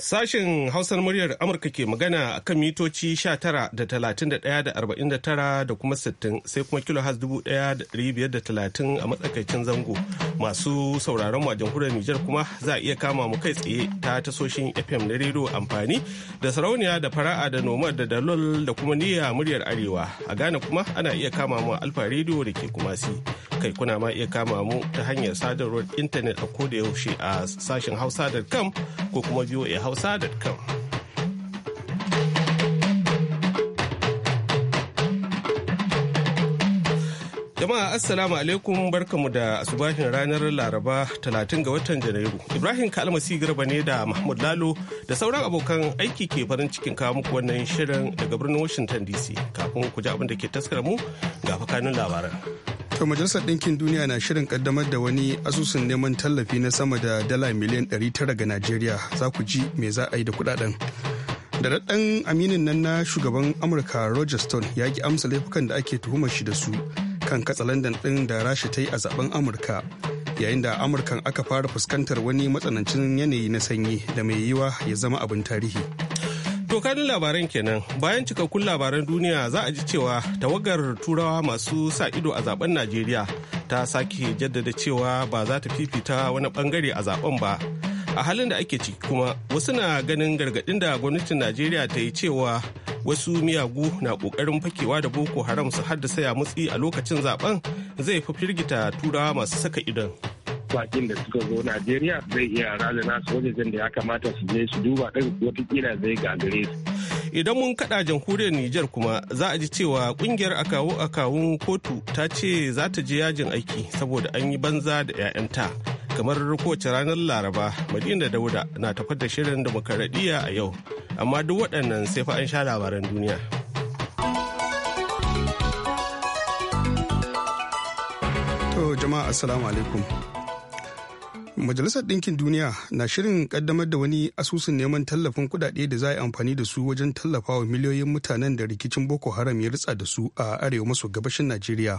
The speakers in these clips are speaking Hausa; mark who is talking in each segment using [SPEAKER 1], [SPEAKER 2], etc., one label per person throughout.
[SPEAKER 1] Sashen Hausar muryar Amurka ke magana a kan mitoci 19 da 31 da 49 da kuma 60 sai kuma kilohaz 1530 a matsakaicin zango. Masu sauraron mu a jamhuriyar Nijar kuma za a iya kama mu kai tsaye ta tasoshin FM na rero amfani da sarauniya da fara'a da noma da dalol da kuma niyya muryar Arewa. A Ghana kuma ana iya kama mu Alfa rediyo da ke kumasi. Kai kuna ma iya kama mu ta hanyar sadarwar intanet a koda yaushe a sashen hausa.com ko kuma VOA hausa.com. Jama'a Assalamu alaikum barkamu da asubahin ranar Laraba 30 ga watan Janairu. Ibrahim Kalmasi Garba ne da Mahmud Lalo da sauran abokan aiki ke farin cikin kawo muku wannan shirin daga birnin Washington DC. Kafin ku ji abin da ke taskar mu
[SPEAKER 2] ga fakanin labaran. To Majalisar Ɗinkin Duniya na shirin kaddamar da wani asusun neman tallafi na sama da dala miliyan 900 ga Najeriya za ku ji mai za a yi da kuɗaɗen. Da daɗan aminin nan na shugaban Amurka Roger Stone ya ki amsa laifukan da ake tuhumar shi da su kan katsalandan ɗin da Rasha ta yi a zaben Amurka. Yayin da Amurkan aka fara fuskantar wani matsanancin yanayi na sanyi da mai yiwa ya zama abin tarihi.
[SPEAKER 1] To kanin labaran kenan bayan cikakkun labaran duniya za a ji cewa tawagar turawa masu sa ido a zaben Najeriya ta sake jaddada cewa ba za ta fifita wani bangare a zaben ba. A halin da ake ciki kuma wasu na ganin gargadin da gwamnatin Najeriya ta yi cewa wasu miyagu na kokarin fakewa da Boko Haram su haddasa ya mutsi a lokacin zaben zai fi firgita turawa masu saka idon. bakin da suka zo Najeriya zai iya rana nasu wajajen da ya kamata su je su duba ɗin watakila zai gagare su. Idan mun kaɗa jamhuriyar Nijar kuma za a ji cewa ƙungiyar akawo akawun kotu ta ce za ta je yajin aiki saboda an yi banza da 'ya'yanta. Kamar kowace ranar Laraba, Madina Dauda na tafar da shirin demokaradiyya a yau, amma duk waɗannan sai fa an sha labaran duniya.
[SPEAKER 2] jama'a assalamu alaikum Majalisar Ɗinkin Duniya na shirin kaddamar da wani asusun neman tallafin kuɗaɗe da za a yi amfani da su wajen tallafawa miliyoyin mutanen da rikicin Boko Haram ya ritsa da su a arewa maso gabashin Najeriya.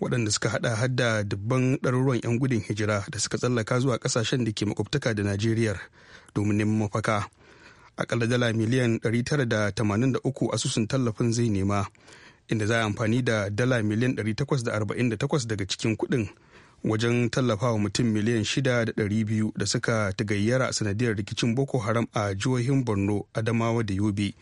[SPEAKER 2] Waɗanda suka haɗa hadda dubban ɗaruruwan 'yan gudun hijira da suka tsallaka zuwa ƙasashen da ke makwabtaka da Najeriya domin neman mafaka. Akalla dala miliyan 983 asusun tallafin zai nema, inda za a amfani da dala miliyan 848 daga cikin kuɗin. wajen tallafawa mutum miliyan shida da ɗari biyu da suka tagayyara sanadiyar rikicin boko haram a jihohin borno adamawa da yobe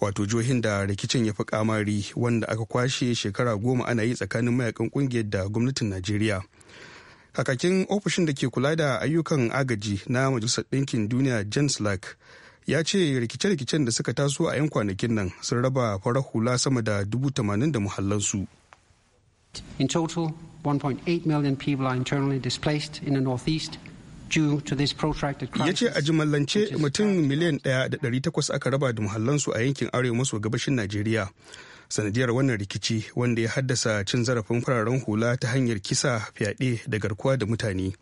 [SPEAKER 2] wato jihohin da rikicin ya fi kamari wanda aka kwashe shekara goma ana yi tsakanin mayakan kungiyar da gwamnatin najeriya kakakin ofishin da ke kula da ayyukan agaji na majalisar ɗinkin duniya james lack ya ce rikice-rikicen da suka taso a 'yan kwanakin nan sun raba farar hula sama da dubu tamanin da muhallansu.
[SPEAKER 3] In total, 1.8 million people are internally displaced in the northeast
[SPEAKER 2] ya ce a jimallance mutum miliyan ɗaya da ɗari takwas aka raba da muhallansu a yankin arewa maso gabashin najeriya sanadiyar wannan rikici wanda ya haddasa cin zarafin fararen hula ta hanyar kisa fyaɗe da garkuwa da mutane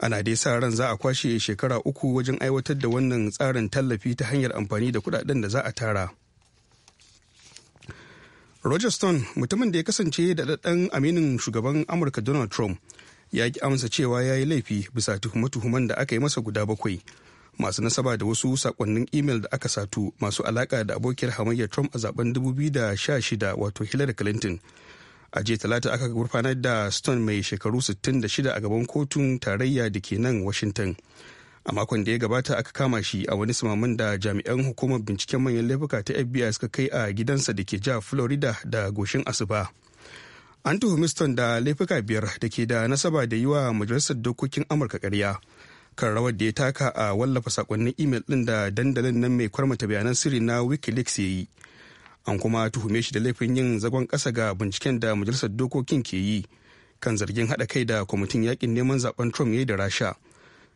[SPEAKER 2] ana dai sa ran za a kwashe shekara uku wajen aiwatar da wannan tsarin tallafi ta hanyar amfani da kuɗaɗen da za a tara roger stone mutumin da ya kasance da daɗaɗɗen aminin shugaban amurka donald trump ya ki amsa cewa ya yi laifi bisa tuhume-tuhumen da aka yi masa guda bakwai masu nasaba da wasu sakonnin imel da aka satu masu alaka da abokiyar hamayyar trump a zaben 2016 wato hillary clinton a jiya talata aka gurfanar da stone mai shekaru 66 a gaban kotun tarayya da ke nan washington a makon da ya gabata aka kama shi a wani samamin da jami'an hukumar binciken manyan laifuka ta fbi suka kai a gidansa da ke ja florida da goshin asuba an tuhumi stone da laifuka biyar da ke da nasaba da yi wa majalisar dokokin amurka karya kan rawar da ya taka a wallafa sakonnin imel din da dandalin nan mai kwarmata bayanan sirri na wikileaks ya yi an kuma tuhume shi da laifin yin zagon kasa ga binciken da majalisar dokokin ke yi kan zargin haɗa kai da kwamitin yakin neman zaben trump ya yi da rasha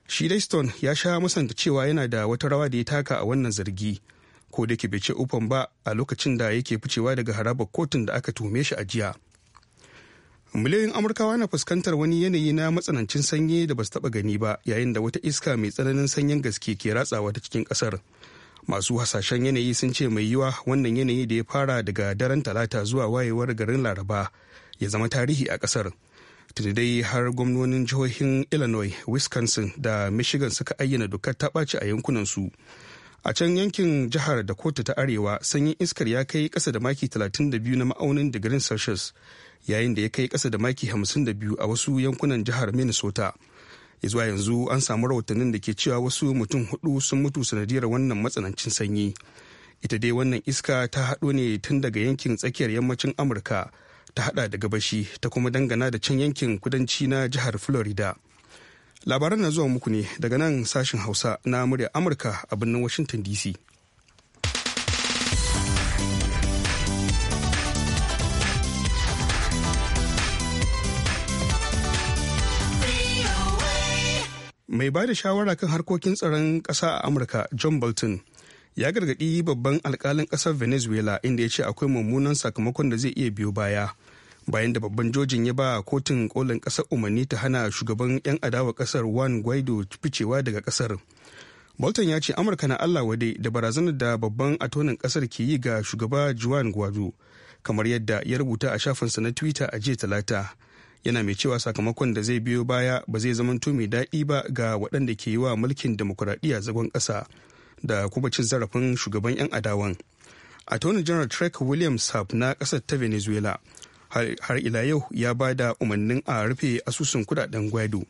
[SPEAKER 2] shi dai stone ya sha musanta cewa yana da wata rawa da ya taka a wannan zargi ko da ke bai ufan ba a lokacin da yake ficewa daga harabar kotun da aka tume shi a jiya miliyoyin amurkawa na fuskantar wani yanayi na matsanancin sanyi da basu su taba gani ba yayin da wata iska mai tsananin sanyin gaske ke ratsawa ta cikin kasar masu hasashen yanayi sun ce mai yiwa wannan yanayi da ya fara daga daren talata zuwa wayewar garin laraba ya zama tarihi a kasar dai har gwamnonin jihohin illinois wisconsin da michigan suka ayyana dokar ta ɓaci a yankunansu a can yankin jihar da kotu ta arewa sanyin iskar ya kai ƙasa da maki 32 na ma'aunin digirin celsius yayin da ya kai ƙasa da maki 52 a wasu yankunan jihar minnesota zuwa yanzu an samu rahotannin da ke cewa wasu mutum hudu sun mutu sanadiyar wannan matsanancin sanyi ita dai wannan iska ta haɗo ne tun daga yankin tsakiyar yammacin amurka ta hada da gabashi ta kuma dangana da can yankin kudanci na jihar florida labaran na zuwa muku ne daga nan sashen hausa na murya amurka a birnin washington dc mai ba da shawara kan harkokin tsaron ƙasa a amurka john bolton ya gargaɗi babban alkalin ƙasar venezuela inda ya ce akwai mummunan sakamakon da zai iya biyo baya bayan da babban jojin ya ba kotun kolin kasar umarni ta hana shugaban 'yan adawa kasar wan guaido ficewa daga kasar bolton ya ce amurka na allah wade da barazanar da babban atonin kasar ke yi ga shugaba juan guaido kamar yadda ya rubuta a shafinsa na twitter a jiya talata yana mai cewa sakamakon da zai biyo baya ba zai zamanto mai daɗi ba ga waɗanda ke yi wa mulkin demokuraɗiyya zagon ƙasa da kuma cin zarafin shugaban 'yan adawan attorney general trek williams sab na ƙasar ta venezuela har ila yau ya ba da umarnin a rufe asusun kudaden gwado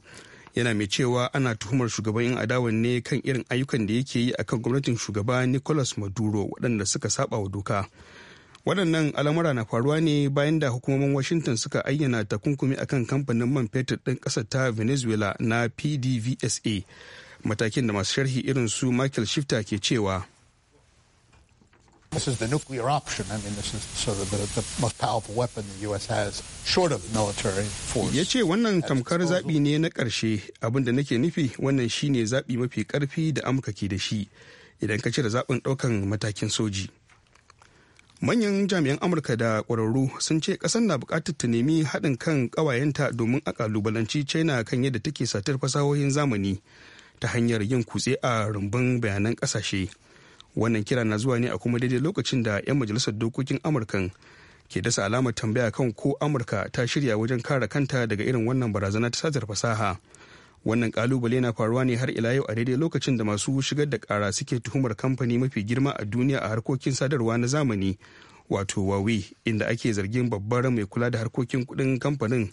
[SPEAKER 2] yana mai cewa ana tuhumar shugaban 'yan adawan ne kan irin ayyukan da yake yi akan gwamnatin shugaba nicolas maduro waɗanda suka saba wa doka waɗannan al'amura na faruwa ne bayan da hukumomin washington suka ayyana takunkumi akan kamfanin man fetur ɗin ƙasar ta venezuela na pdvsa matakin da masu sharhi irin su michael shifter ke cewa This is the nuclear option. I mean, this is sort of the, the most powerful weapon the U.S. has, short of military force. Ya ce wannan tamkar zaɓi ne na ƙarshe abinda da nake nufi wannan shine zaɓi mafi ƙarfi da amka ke da shi idan ka cire zaɓin ɗaukan matakin soji. Manyan jami'an Amurka da ƙwararru sun ce ƙasar na buƙatar ta nemi haɗin kan ƙawayenta domin a ƙalubalanci China kan yadda take satar fasahohin zamani ta hanyar yin kutse a rumbun bayanan ƙasashe. wannan kira na zuwa ne a kuma daidai lokacin da 'yan majalisar dokokin amurkan ke dasa alamar tambaya kan ko amurka ta shirya wajen kare kanta daga irin wannan barazana ta satar fasaha wannan kalubale na faruwa ne har ila yau a daidai lokacin da masu shigar da kara suke tuhumar kamfani mafi girma a duniya a harkokin sadarwa na zamani wato huawei inda ake zargin babbar mai kula da harkokin kudin kamfanin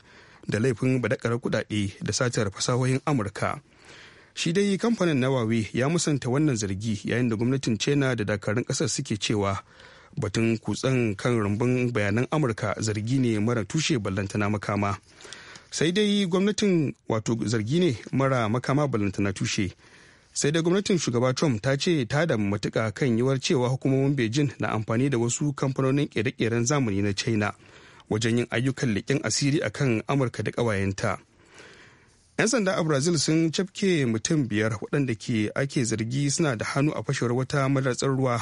[SPEAKER 2] da laifin badakar kudade da satar fasahohin amurka shi dai kamfanin na huawei ya musanta wannan zargi yayin da gwamnatin china da dakarun kasar suke cewa batun kutsen kan rumbun bayanan amurka zargi ne mara tushe ballantana makama sai dai gwamnatin wato zargi ne mara makama ballantana tushe sai dai gwamnatin shugaba trump ta ce ta da matuka kan yiwuwar cewa hukumomin beijing na amfani da wasu kamfanonin kere-keren zamani na china wajen yin ayyukan leƙen asiri akan amurka da ƙawayenta. 'yan sanda a brazil sun cafke mutum biyar waɗanda ke ake zargi suna da hannu a fashewar wata madatsar ruwa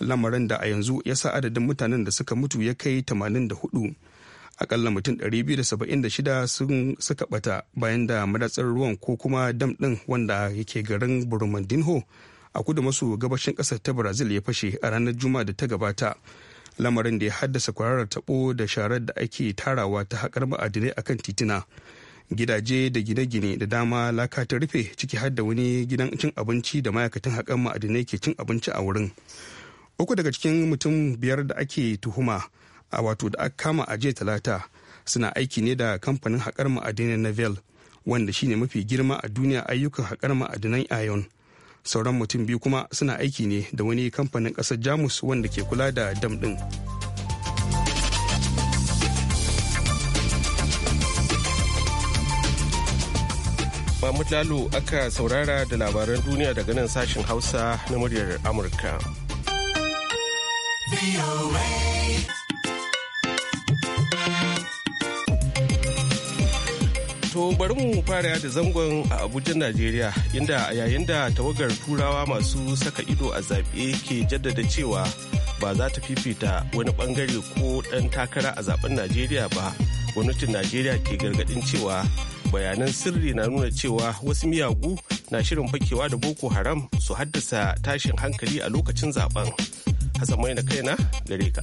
[SPEAKER 2] lamarin da a yanzu ya sa adadin mutanen da suka mutu ya kai 84 akalla mutum 276 sun suka bata bayan da madatsar ruwan ko kuma dam ɗin wanda yake garin burundinho a kudu maso gabashin ƙasar ta brazil ya fashe a ranar juma'a da ta gabata lamarin da ya haddasa kwararar tabo da sharar da ake tarawa ta haƙar ma'adinai akan titina gidaje da gine-gine da dama laka ta rufe ciki har da wani gidan cin abinci da ma'aikatan haƙan ma'adinai ke cin abinci a wurin uku daga cikin mutum biyar da ake tuhuma a wato da aka kama a jiya talata suna aiki ne da kamfanin haƙar ma'adinai na vel wanda shine mafi girma a duniya ayyukan haƙar ma'adinan ion sauran mutum biyu kuma suna aiki ne da wani kamfanin ƙasar jamus wanda ke kula da dam ɗin. Mahmud Lalo
[SPEAKER 1] aka saurara da labaran duniya daga nan sashen Hausa na muryar Amurka. To bari mu fara da zangon a Abuja, Najeriya, inda a yayin da tawagar turawa masu saka ido a zaɓe ke jaddada cewa ba za ta fifita wani ɓangare ko ɗan takara a zaben Najeriya ba. gwamnatin najeriya ke gargadin cewa bayanan sirri na nuna cewa wasu miyagu na shirin fakewa da boko haram su haddasa tashin hankali a lokacin zaben hasan mai na kaina gare ka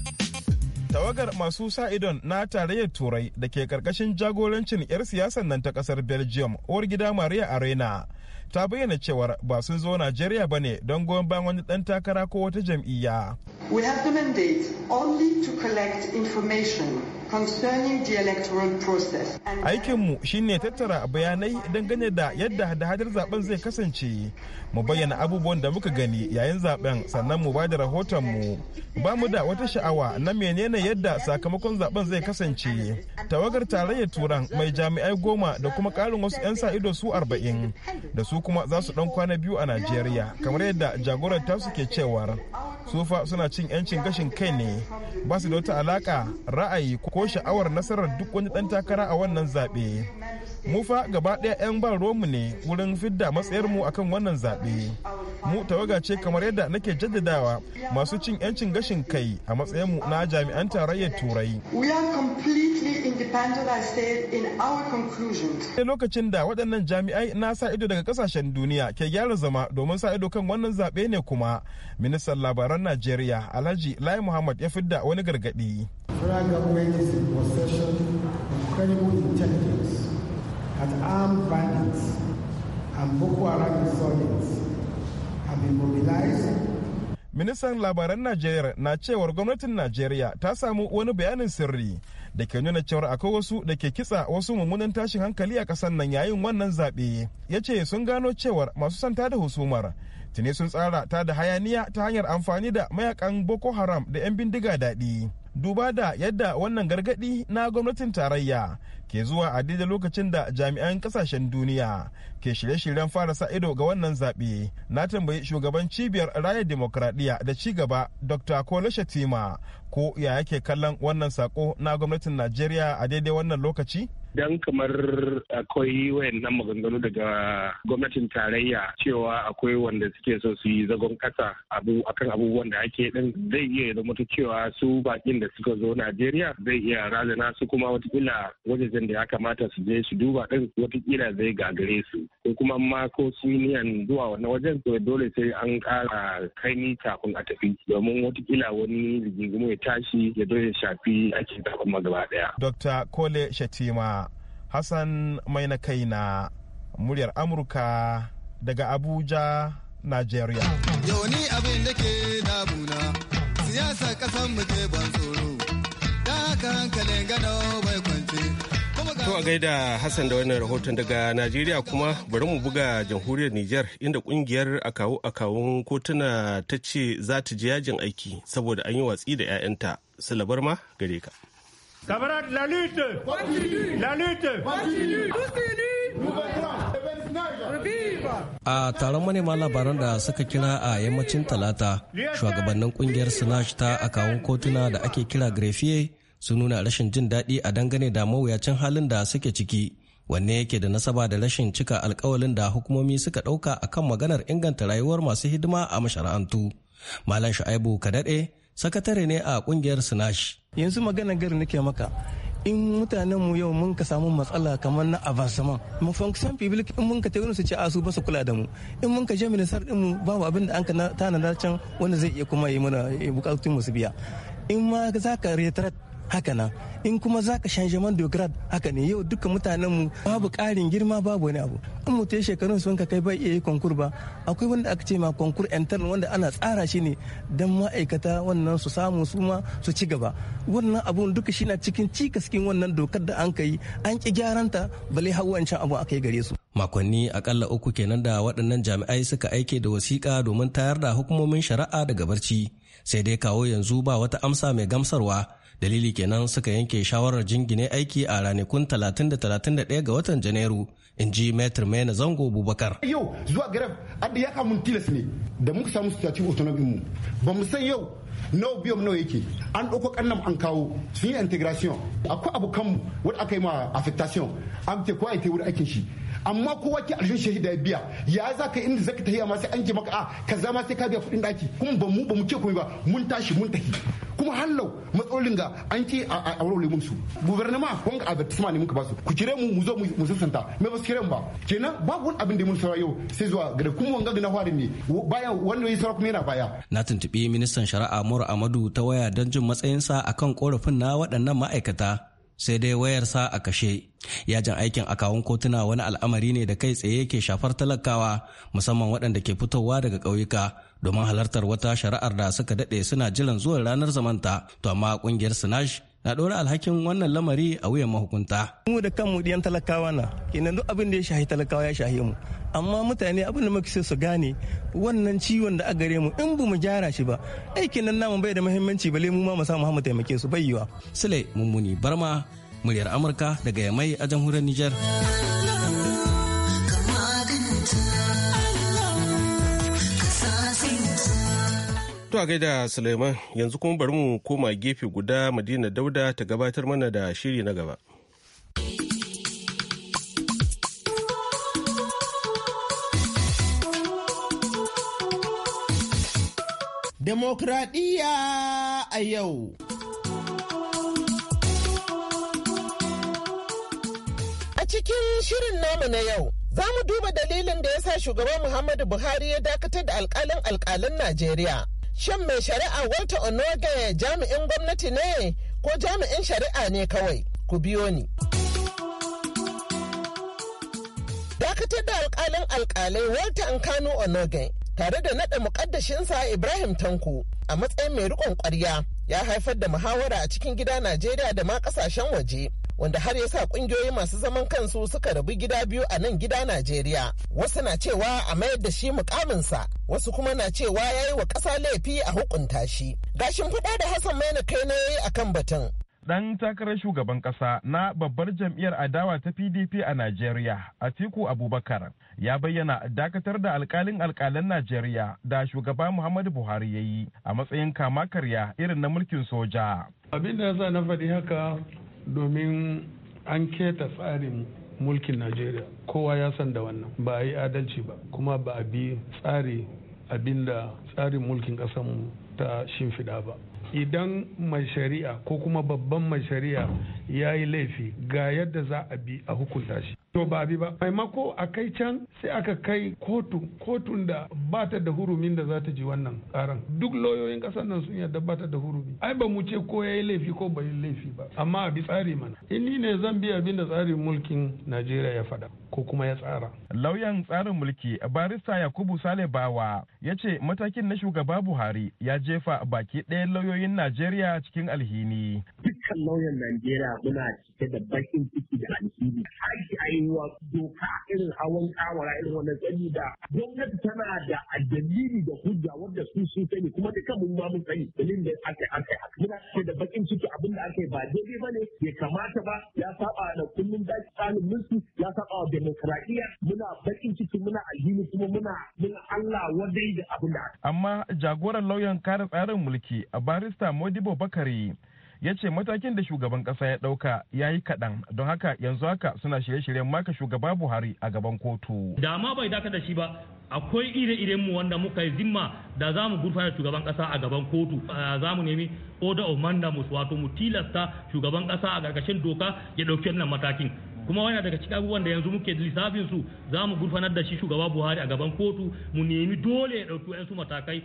[SPEAKER 4] tawagar masu sa idon na tarayyar turai da ke karkashin jagorancin 'yar siyasar nan ta kasar belgium uwar gida maria arena ta bayyana cewar ba sun zo Najeriya ba ne don goyon bayan wani ɗan takara ko wata jam'iyya.
[SPEAKER 3] We have the mandate only to collect information concerning the electoral process.
[SPEAKER 4] Aikinmu shine tattara bayanai dangane da yadda hada-hadar zaben zai kasance. Mu bayyana abubuwan da muka gani yayin zaben sannan mu bada rahotonmu. Ba mu da wata sha'awa na menene yadda sakamakon zaben zai kasance. Tawagar tarayyar Turan mai jami'ai goma da kuma ƙarin wasu 'yan sa ido su arba'in da su su kuma za su dan kwana biyu a najeriya kamar yadda jagorar ta ke cewar fa suna cin yancin gashin kai ne ba su da wata alaka ra'ayi ko sha'awar nasarar duk wani ɗan takara a wannan zaɓe mu fa gaba ɗaya 'yan ban romu ne wurin fidda mu akan wannan zaɓe mu tawaga ce kamar yadda nake jaddadawa masu cin 'yancin gashin kai a mu na jami'an tarayyar turai ne lokacin da waɗannan jami'ai na sa ido daga ƙasashen duniya ke gyara zama domin sa ido kan wannan zaɓe ne kuma ministan labaran najeriya alhaji lai muhammad ya fidda wani gargaɗi. that armed bandits and Boko Haram insurgents have been mobilized ministan labaran najeriya na cewar gwamnatin najeriya ta samu wani bayanin sirri da ke nuna cewar akwai wasu da ke kitsa wasu mummunan tashin hankali a ƙasar nan yayin wannan zaɓe ya ce sun gano cewar masu santa da husumar tuni sun tsara ta da hayaniya ta hanyar amfani da mayakan boko haram da 'yan bindiga daɗi duba da yadda wannan gargadi na gwamnatin tarayya ke zuwa a daidai lokacin da jami'an kasashen duniya ke shirye-shiryen fara sa ido ga wannan zaɓe na tambayi shugaban cibiyar raya demokradiyya da cigaba dr kola shatima ko ya yake kallon wannan sako na gwamnatin najeriya a daidai wannan lokaci
[SPEAKER 1] Idan kamar akwai wayannan maganganu daga gwamnatin tarayya cewa akwai wanda suke so su yi zagon kasa abu akan abubuwan da ake din zai iya zama cewa su bakin da suka zo Najeriya zai iya razana su kuma watakila wajajen da ya kamata su je su duba din watakila zai gagare su ko kuma ma
[SPEAKER 4] ko su niyan zuwa wannan wajen to dole sai an kara kaini kafin a tafi domin watakila wani rigingimu ya tashi ya zo ya shafi ake zaɓen magaba ɗaya. Dr. Kole Shatima Hassan mai na kai na muryar Amurka daga Abuja, Najeriya.
[SPEAKER 5] Yawani abin da ke damuna, siyasa ban da gano bai kwance.
[SPEAKER 1] To a gaida Hassan da wannan rahoton daga Najeriya kuma bari mu buga jamhuriyar Nijar inda kungiyar a akawun kotuna ta ce za ta ji yajin aiki saboda an yi watsi da 'ya'yanta. salabar ma gare ka.
[SPEAKER 4] Camarades, la lutte Continue La lutte
[SPEAKER 6] A taron manema labaran da suka kira a yammacin talata, shugabannin kungiyar Sinash ta akawun kotuna da ake kira grefie su nuna rashin jin daɗi a dangane da mawuyacin halin da suke ciki, wanne yake da nasaba da rashin cika alkawalin da hukumomi suka ɗauka akan maganar inganta rayuwar masu hidima a mashara'antu. Malam Shu'aibu
[SPEAKER 5] Kadaɗe sakatare ne a kungiyar Sinash. Yanzu magana gari nake maka in mutanen mu yau mun ka samu matsala kamar na avancement mu function public in mun ka tayi su ce asu ba su kula da mu in mun ka je minister din mu babu abin da an ka tanada can wanda zai iya kuma yi mana eh, bukatun mu biya in ma za ka retret haka nan in kuma za ka shanjaman dograd haka ne yau duka mutanen mu babu karin girma babu wani abu in mutum shekarun sun ka kai bai iya yi konkur ba akwai wanda aka ce ma konkur wanda ana tsara shi ne don ma'aikata wannan su samu su ma su ci gaba wannan abu duka shi na cikin cikaskin wannan dokar da an kai an ki ta bale hau wancan abu aka yi gare su
[SPEAKER 6] makonni akalla uku kenan da waɗannan jami'ai suka aike da wasiƙa domin tayar da hukumomin shari'a daga barci sai dai kawo yanzu ba wata amsa mai gamsarwa dalili kenan suka yanke shawarar jingine aiki a ranakun 30 da 31 ga watan janairu in ji metr mai zango bubakar
[SPEAKER 4] yau zuwa garaf adda ya kamun tilas ne da muka samu situation autonomy mu ba mu san yau nawa biyan nawa yake an ɗauko kannan an kawo sun yi integration akwai abu kanmu wadda aka yi ma affectation an ce ko a yi aikin shi amma kowa ke aljin shahida ya biya ya za ka inda zaka tahiya ma sai an ji maka a ah, ka zama sai ka biya kuɗin daki kuma ba mu ba mu ce komai ba mun tashi mun tafi kuma hallau matsalolin ga an ce a aure lemun su ka wanga advertisement ne muka ba su ku kire mu mu zo mu sassanta me ba su kire mu ba kenan babu wani abin da mun saura yau sai zuwa gare kuma wanga na hwari ne bayan wanda ya saura kuma yana baya
[SPEAKER 6] na tuntubi ministan shari'a Mura Amadu ta waya don jin matsayinsa akan korafin na waɗannan ma'aikata sai dai wayarsa a kashe yajin aikin akawun kotuna wani al'amari ne da kai tsaye ke shafar talakawa musamman waɗanda ke fitowa daga ƙauyuka domin halartar wata shari'ar da suka daɗe suna jiran zuwan ranar zamanta to amma ƙungiyar sinash na ɗora alhakin wannan lamari a
[SPEAKER 5] wuyan mahukunta. Mu da kanmu ɗiyan talakawa na, kenan duk abin da ya shahi talakawa ya shahi mu. Amma mutane abin da muke so su gane wannan ciwon da a gare mu in bu mu gyara shi ba, aikin nan namu bai da muhimmanci bale mu ma mu samu hamu taimake su bai Sule Mummuni Barma, muryar Amurka daga Yamai a jamhuriyar Nijar.
[SPEAKER 6] To a gaida
[SPEAKER 1] Suleiman yanzu kuma bari mu koma gefe guda Madina Dauda ta gabatar mana da shiri na gaba.
[SPEAKER 7] Demokradiyya a yau. A cikin shirin namu na yau, za mu duba dalilin da ya sa shugaban Muhammadu Buhari ya dakatar da alkalin alkalin Najeriya. Shan mai shari'a Walter Onoge jami'in gwamnati ne ko jami'in shari'a ne kawai? Ku biyo ni. Dakatar da alkalin alkalai Walter Nkanu Onoge tare da naɗa muƙaddashinsa Ibrahim Tanko a matsayin mai rikon ƙwarya ya haifar da muhawara a cikin gida Najeriya da ma ƙasashen waje. wanda har ya sa kungiyoyi masu zaman kansu suka rabu gida biyu a nan gida Najeriya. Wasu na cewa a mayar da shi mukaminsa, wasu kuma na cewa ya yi wa ƙasa laifi a hukunta
[SPEAKER 4] shi. Gashin fuda da Hassan Maina kai na yi a kan batun. Ɗan takarar shugaban ƙasa na babbar jam'iyyar adawa ta PDP a Najeriya, Atiku Abubakar, ya bayyana dakatar da alkalin alkalan Najeriya da shugaba Muhammadu Buhari ya yi a matsayin kama karya irin na mulkin soja. Abin da ya sa na faɗi haka domin an keta tsarin mulkin najeriya kowa ya san da wannan ba a yi adalci ba kuma ba a bi tsari abinda tsarin mulkin ƙasanmu ta shimfiɗa ba idan mai shari'a ko kuma babban mai shari'a ya yi laifi ga yadda za a bi a hukunta shi to ba bi ba maimako a kai can sai aka kai kotu kotun da ba ta da hurumin da za ta ji wannan karan duk lauyoyin kasar nan sun yarda ba ta da hurumi ai ba mu ce ko ya yi laifi ko bai laifi ba amma a bi tsari mana in eh, ni ne zan bi abin da tsarin mulkin Najeriya ya faɗa ko kuma ya tsara lauyan tsarin mulki barista Yakubu Sale Bawa ya ce matakin na shugaba Buhari ya jefa baki ɗaya lauyoyin Najeriya cikin alhini
[SPEAKER 7] dukkan lauyan Najeriya muna cike da bakin ciki da
[SPEAKER 4] alhini cewa wa doka irin hawan kawara irin wannan
[SPEAKER 7] sani da gwamnati tana da dalili da hujja wanda su su sani kuma duka mun ba mun sani dalilin da aka aka muna ce da bakin ciki abin da aka yi ba daidai ba ne ya kamata ba ya saba da kullum da tsarin mulki ya saba wa demokradiyya muna bakin ciki muna alhini kuma muna muna Allah wadai da abin da
[SPEAKER 4] aka amma jagoran lauyan kare tsarin mulki a barista Modibo Bakari ya ce matakin da shugaban kasa ya dauka ya yi kaɗan don haka yanzu haka suna shirye-shiryen maka shugaba buhari a gaban kotu
[SPEAKER 3] da ma bai daka
[SPEAKER 1] da
[SPEAKER 2] shi ba akwai ire-iren mu wanda muka yi zimma da za mu gurfana shugaban kasa a gaban kotu za mu nemi order of mandamus wato mu tilasta shugaban kasa a ƙarƙashin doka ya ɗauki wannan matakin kuma wani daga cikin abubuwan da yanzu muke lissafin su za mu gurfanar da shi shugaba buhari a gaban kotu mu nemi dole ya ɗauki 'yansu matakai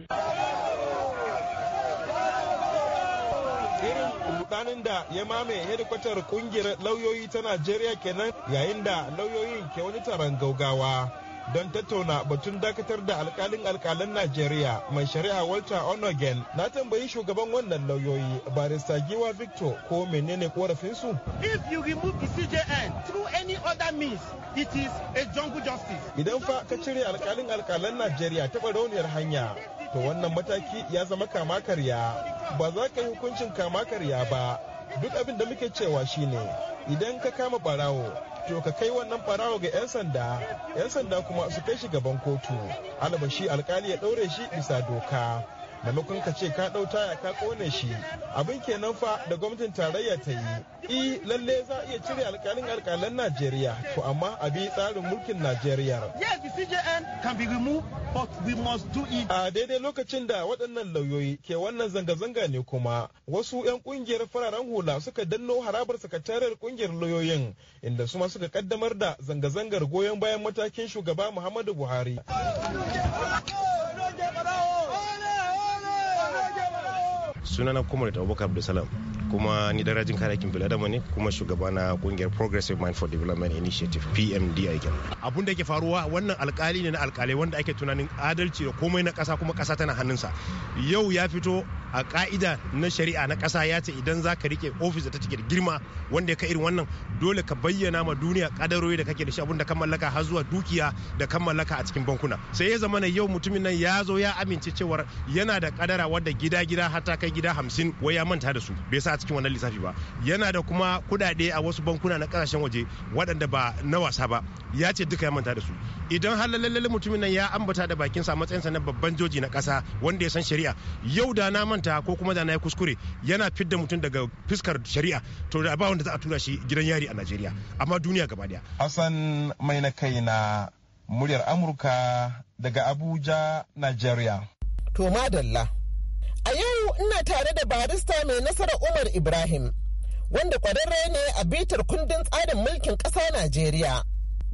[SPEAKER 2] irin
[SPEAKER 4] rudanin da ya mamaye hedikwatar kungiyar lauyoyi ta najeriya kenan yayin da lauyoyin ke wani taron gaugawa don tattauna batun dakatar da alkalin alkalin najeriya mai shari'a walter onogen na tambayi shugaban wannan lauyoyi barista giwa victor ko menene su. if you remove the cjn through any other means it is a jungle justice idan fa ka cire alkalin alkalin najeriya ta rauniyar hanya to wannan mataki ya zama kama karya ba za ka yi hukuncin kama karya ba duk abin da muke cewa shine idan ka kama barawo to ka kai wannan barawo ga 'yan sanda 'yan sanda kuma su kai shi gaban kotu alabashi alkali ya ɗaure shi bisa doka maimakon ka ce ka ɗau taya ka ƙone shi abin kenan fa da gwamnatin tarayya ta yi i lalle za a iya cire alkalin alkalan najeriya to amma a bi tsarin mulkin najeriya a daidai lokacin da waɗannan lauyoyi ke wannan zanga-zanga ne kuma wasu 'yan ƙungiyar fararen hula suka danno harabar sakatariyar ƙungiyar lauyoyin inda su masu suka kaddamar da zanga-zangar goyon bayan matakin shugaba muhammadu buhari sunana da abubakar abdulsalam kuma ni darajin kare aikin biladama ne kuma shugaba na kungiyar progressive mind for development initiative pmd a abun da ke faruwa wannan alkali ne na alkalai wanda ake tunanin adalci da komai na kasa kuma kasa tana hannunsa yau ya fito a ka'ida na shari'a na ƙasa ya ce idan za ka rike ofis da ta cike da girma wanda ya ka irin wannan dole ka bayyana ma duniya kadarori da kake da shi abinda ka mallaka har zuwa dukiya da ka mallaka a cikin bankuna sai ya zama yau mutumin nan ya zo ya amince cewar yana da kadara wadda gida gida har ta kai gida hamsin wai ya manta da su bai sa a cikin wannan lissafi ba yana da kuma kudade a wasu bankuna na kasashen waje waɗanda ba na wasa ba ya ce duka ya manta da su idan har mutumin nan ya ambata da bakinsa matsayinsa na babban joji na ƙasa wanda ya san shari'a yau da na manta ko kuma da na yi kuskure yana fidda mutum daga fiskar shari'a to da ba wanda za a tura shi gidan yari a Najeriya amma duniya gaba daya Hassan mai na kai na muryar Amurka daga Abuja Najeriya to madalla
[SPEAKER 7] a yau ina tare da barista mai nasara Umar Ibrahim wanda kwararre ne a bitar kundin tsarin mulkin ƙasa Najeriya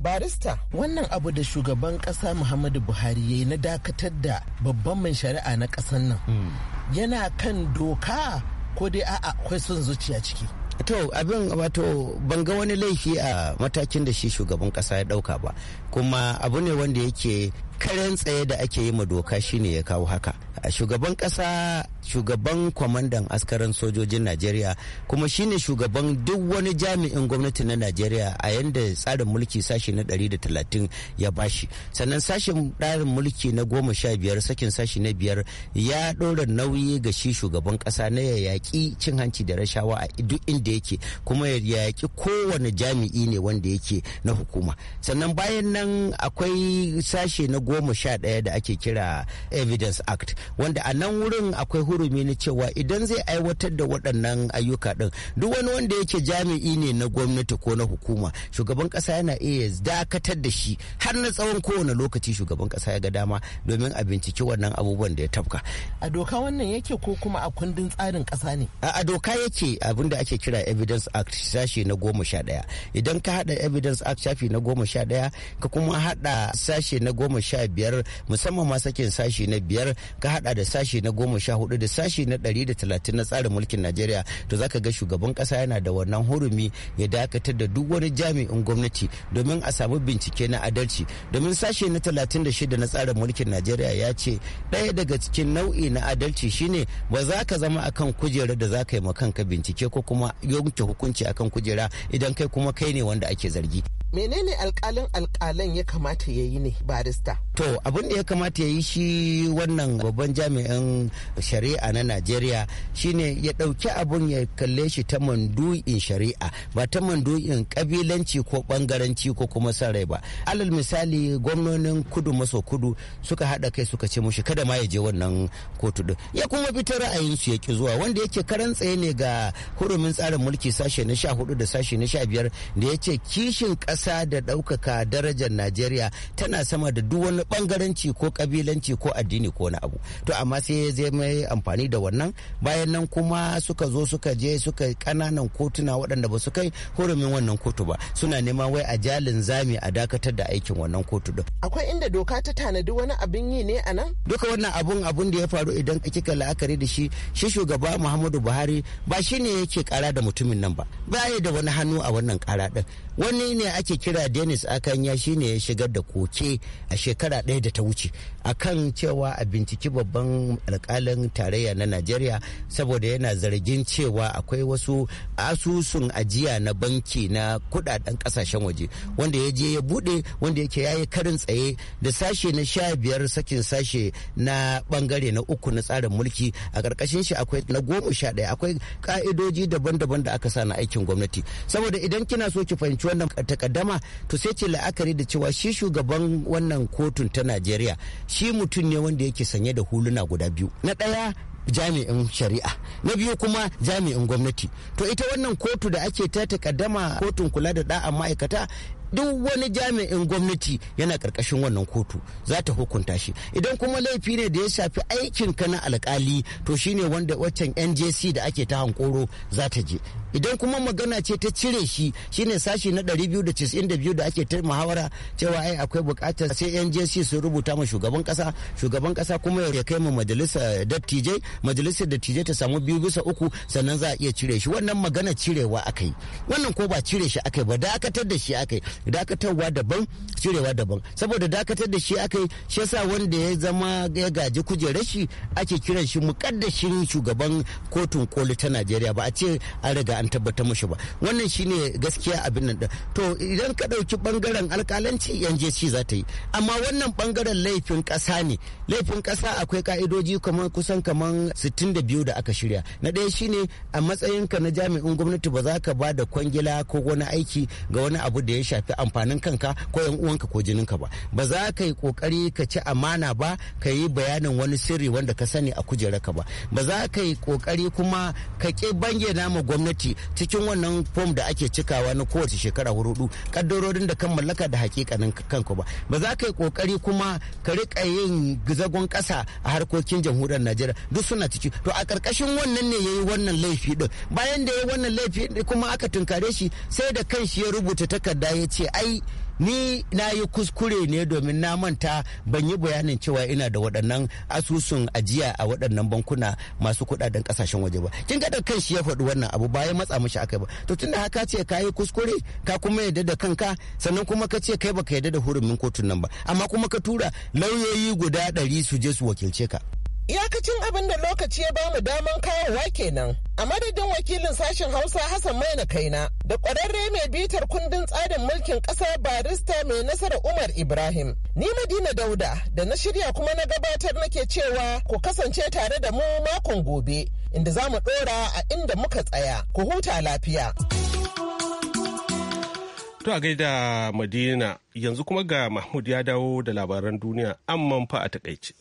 [SPEAKER 7] barista wannan abu da shugaban kasa muhammadu buhari ya yi na dakatar da babban mai shari'a na kasan nan hmm. yana kan doka ko dai a'a akwai son zuciya ciki
[SPEAKER 3] to abin wato ban ga wani laifi a matakin da shi shugaban kasa ya dauka ba kuma abu ne wanda yake karen tsaye da ake yi ma doka shine ya kawo haka shugaban kasa shugaban kwamandan askaran sojojin najeriya kuma shine shugaban duk wani jami'in gwamnati na najeriya a yanda tsarin mulki sashi na 130 ya bashi sannan sashin tsarin mulki na goma sha biyar sakin sashi na biyar ya ɗora nauyi ga shi shugaban ƙasa na ya yaƙi cin hanci da rashawa a duk inda yake kuma ya yaƙi kowane jami'i ne wanda yake na hukuma sannan bayan nan akwai sashe na goma sha ɗaya da ake kira evidence act wanda a nan wurin akwai hurumi na cewa idan zai aiwatar da waɗannan ayyuka ɗin duk wani wanda yake jami'i ne na gwamnati ko na hukuma shugaban ƙasa yana iya dakatar da shi har na tsawon kowane lokaci shugaban ƙasa ya ga dama domin a binciki wannan abubuwan da ya tafka.
[SPEAKER 7] A doka wannan yake ko kuma a kundin tsarin ƙasa ne?
[SPEAKER 3] A doka yake abin da ake kira Evidence Act sashe na goma sha ɗaya. Idan ka haɗa Evidence Act shafi na goma sha ɗaya ka kuma haɗa sashe na goma sha biyar musamman ma sakin sashe na biyar ka haɗa da sashe na goma sha hudu da da sashi na talatin na tsarin mulkin najeriya to zaka ga shugaban kasa yana da wannan hurumi ya dakatar da duk wani jami'in gwamnati domin a samu bincike na adalci domin sashe na shida na tsarin mulkin najeriya ya ce ɗaya daga cikin nau'i na adalci shine ba za ka zama akan kujera da za ka yi kanka bincike ko kuma yanke hukunci akan kujera idan kai kuma kai ne wanda ake zargi
[SPEAKER 7] menene alkalin alkalin ya kamata ya yi ne barista
[SPEAKER 3] to abin da ya kamata ya yi shi wannan babban jami'in shari'a na najeriya shine ya ɗauki abun ya kalle shi ta mandu'in shari'a ba ta mandu'in kabilanci ko bangaranci ko kuma sarai ba alal misali gwamnonin kudu maso kudu suka haɗa kai suka ce mushi kada ma ya je wannan kotu din ya kuma fitar ra'ayinsu ya ki zuwa wanda yake karan tsaye ne ga hurumin tsarin mulki sashe na sha hudu da sashe na sha biyar da ya ce kishin ƙasa ƙasa da ɗaukaka darajar najeriya tana sama da duk wani ɓangaranci ko ƙabilanci ko addini ko wani abu to amma sai ya zai amfani da wannan bayan nan kuma suka zo suka je suka ƙananan kotuna waɗanda ba su kai hurumin wannan kotu ba suna neman wai a jalin zami a dakatar da aikin wannan kotu din akwai inda doka
[SPEAKER 7] ta tanadi wani abin yi ne a nan
[SPEAKER 3] duka wannan abun abun da ya faru idan kika la'akari da shi shi shugaba muhammadu buhari ba ne yake kara da mutumin nan ba ba da wani hannu a wannan kara din wani ne ake kira denis akanya shine ya shigar da koke a shekara ɗaya da ta wuce akan cewa a binciki babban alkalin tarayya na najeriya saboda yana zargin cewa akwai wasu asusun ajiya na banki na kudaden kasashen waje wanda ya je ya bude wanda yake yayi karin tsaye da sashe na sha biyar sakin sashe na bangare na uku na tsarin mulki a karkashin shi akwai na goma sha ɗaya akwai ka'idoji daban-daban da aka sa na aikin gwamnati saboda idan kina so ki fahimci ta wannan takaddama to sai ce la'akari da cewa shi shugaban wannan kotun ta najeriya shi mutum ne wanda yake sanye da huluna guda biyu na ɗaya jami'in shari'a na biyu kuma jami'in gwamnati to ita wannan kotu da ake ta takaddama kotun kula da da'a ma'aikata duk wani jami'in gwamnati yana karkashin wannan kotu za ta hukunta shi idan kuma laifi ne da ya shafi aikin ka na alkali to shine wanda waccan njc da ake ta hankoro za ta je idan kuma magana ce ta cire shi shine sashi na 292 da ake ta muhawara cewa ai akwai bukatar sai njc su rubuta ma shugaban kasa shugaban kasa kuma ya kai ma majalisa eh, dattijai majalisar dattijai ta samu biyu bisa uku sannan za a iya cire shi wannan magana cirewa akai wannan ko ba cire shi akai ba dakatar da shi akai dakatarwa daban cirewa daban saboda dakatar da shi aka yi shi yasa wanda ya zama ya gaji kujerar shi ake kiran shi mukaddashin shugaban kotun koli ta najeriya ba a ce an riga an tabbatar mashi ba wannan shine gaskiya abin nan da to idan ka ɗauki bangaren alkalanci yan shi za ta yi amma wannan bangaren laifin ƙasa ne laifin ƙasa akwai ka'idoji kamar kusan kamar 62 da aka shirya na ɗaya shine a matsayinka na jami'in gwamnati ba za ka ba da kwangila ko wani aiki ga wani abu da ya shafi ka amfanin kanka ko yan uwanka ko jininka ba ba za ka yi kokari ka ci amana ba ka yi bayanin wani sirri wanda ka sani a ka ba ba za ka yi kokari kuma ka ki bange nama gwamnati cikin wannan fom da ake cikawa na kowace shekara hudu-hudu kaddarorin da kan mallaka da hakikanin kanka ba ba za ka yi kokari kuma ka rika yin zagon kasa a harkokin jamhuriyar najeriya duk suna ciki to a karkashin wannan ne yayi wannan laifi din bayan da yayi wannan laifi kuma aka tunkare shi sai da kan shi ya rubuta takarda ya ce ai ni na yi kuskure ne domin na manta ban yi bayanin cewa ina da waɗannan asusun ajiya a waɗannan bankuna masu kuɗaɗen ƙasashen waje ba kin ga da kan shi ya faɗi wannan abu bayan matsa mishi akai ba to tunda haka ce ka yi kuskure ka kuma yarda da kanka sannan kuma ka ce kai baka yarda da hurumin kotun nan ba amma kuma ka tura lauyoyi guda ɗari su je su wakilce ka Iyakacin abin da lokaci ya
[SPEAKER 7] bamu daman kawowa kenan. A madadin wakilin sashen Hausa Hassan Maina Kaina da ƙwararre mai bitar kundin tsarin mulkin ƙasa barista mai nasara Umar Ibrahim. Ni Madina Dauda da na shirya kuma na gabatar nake cewa ku kasance tare da mu makon gobe inda za mu ɗora a inda muka tsaya. Ku huta lafiya.
[SPEAKER 1] To a gaida Madina yanzu kuma ga Mahmud ya dawo da labaran duniya amman fa a takaice.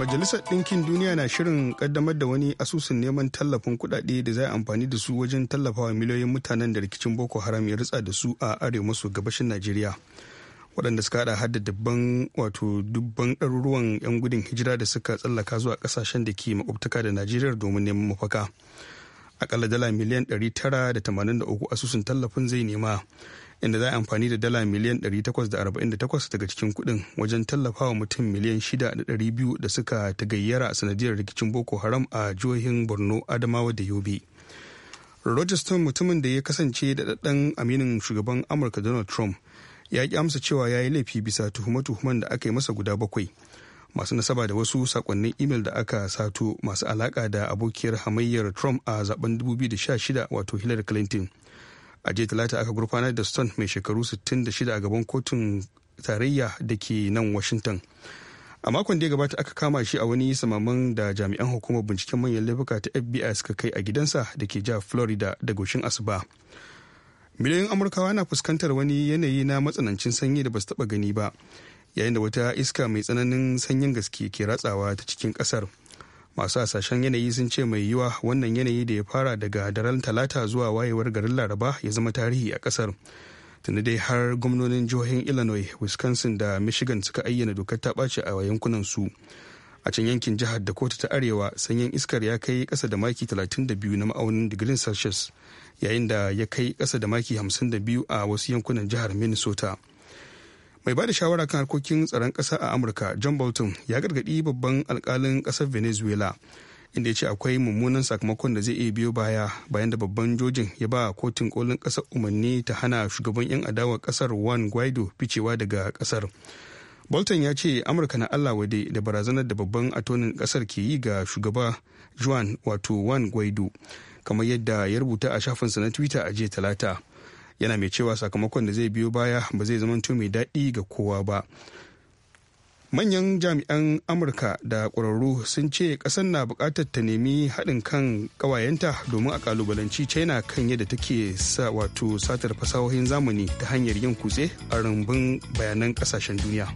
[SPEAKER 2] majalisar ɗinkin duniya na shirin ƙaddamar da wani asusun neman tallafin kuɗaɗe da za a amfani da su wajen tallafawa miliyoyin mutanen da rikicin boko haram ya rutsa da su a arewa maso gabashin najeriya waɗanda suka haɗa har da dubban wato dubban ɗaruruwan 'yan gudun hijira da suka tsallaka zuwa ƙasashen da ke makwabtaka da najeriya domin neman mafaka akalla dala miliyan 983 asusun tallafin zai nema inda za a amfani da dala miliyan 848 daga cikin kuɗin wajen tallafawa mutum miliyan 6.200 da suka tagayyara sanadiyar rikicin boko haram a jihohin borno adamawa da yobe rogerston mutumin da ya kasance da daɗaɗɗen aminin shugaban amurka donald trump ya ki amsa cewa ya yi laifi bisa tuhume-tuhumen da aka yi masa guda bakwai masu nasaba da wasu sakonnin imel da aka sato masu alaka da abokiyar hamayyar trump a zaben 2016 wato hillary clinton a jiya talata aka gurfanar da stone mai shekaru 66 a gaban kotun tarayya da ke nan washington a makon da ya gabata aka kama shi a wani samaman da jami'an hukumar binciken manyan laifuka ta fbi suka kai a gidansa da ke ja florida da goshin asuba miliyoyin amurkawa na fuskantar wani yanayi na matsanancin sanyi da ba su taba gani ba yayin da wata iska mai tsananin sanyin gaske ke ratsawa ta cikin kasar masu hasashen yanayi sun ce mai yiwa wannan yanayi da ya fara daga daren talata zuwa wayewar garin laraba ya zama tarihi a kasar tunda dai har gwamnonin jihohin illinois wisconsin da michigan suka ayyana dokar ta ɓace a yankunan su a can yankin jihar dakota ta arewa sanyin iskar ya kai kasa da maki 32 na ma'aunin digirin celsius yayin da ya kai kasa da maki 52 a wasu yankunan jihar minnesota mai ba da shawara kan harkokin tsaron ƙasa a amurka john bolton ya gargaɗi babban alkalin ƙasar venezuela inda ya ce akwai mummunan sakamakon da zai iya biyo baya bayan da babban jojin ya ba kotun kolin ƙasar umarni ta hana shugaban 'yan adawa ƙasar juan guaido ficewa daga ƙasar bolton ya ce amurka na allah wade da barazanar da babban atonin ƙasar ke yi ga shugaba juan wato juan guaido kamar yadda ya rubuta a shafinsa na twitter a jiya talata yana mai cewa sakamakon da zai biyo baya ba zai zama mai daɗi ga kowa ba manyan jami'an amurka da ƙwararru sun ce ƙasar na buƙatar ta nemi haɗin kan ƙawayenta domin a ƙalubalanci china kan yadda take sa wato satar fasahohin zamani ta hanyar yin kutse a rumbun bayanan ƙasashen duniya.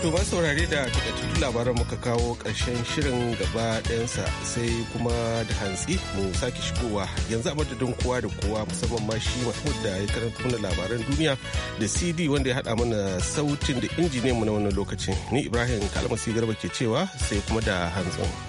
[SPEAKER 2] To ba saurare
[SPEAKER 1] da takaitattun labaran muka kawo ƙarshen shirin gaba ɗayansa sai kuma da hantsi mu sake shigowa yanzu a madadin kowa da kowa musamman ma shi Mahmud da ya karanta mana labaran duniya da CD wanda ya haɗa mana sautin da injiniyan mu na wannan lokacin ni Ibrahim Kalmasi Garba ke cewa sai kuma da hantsin.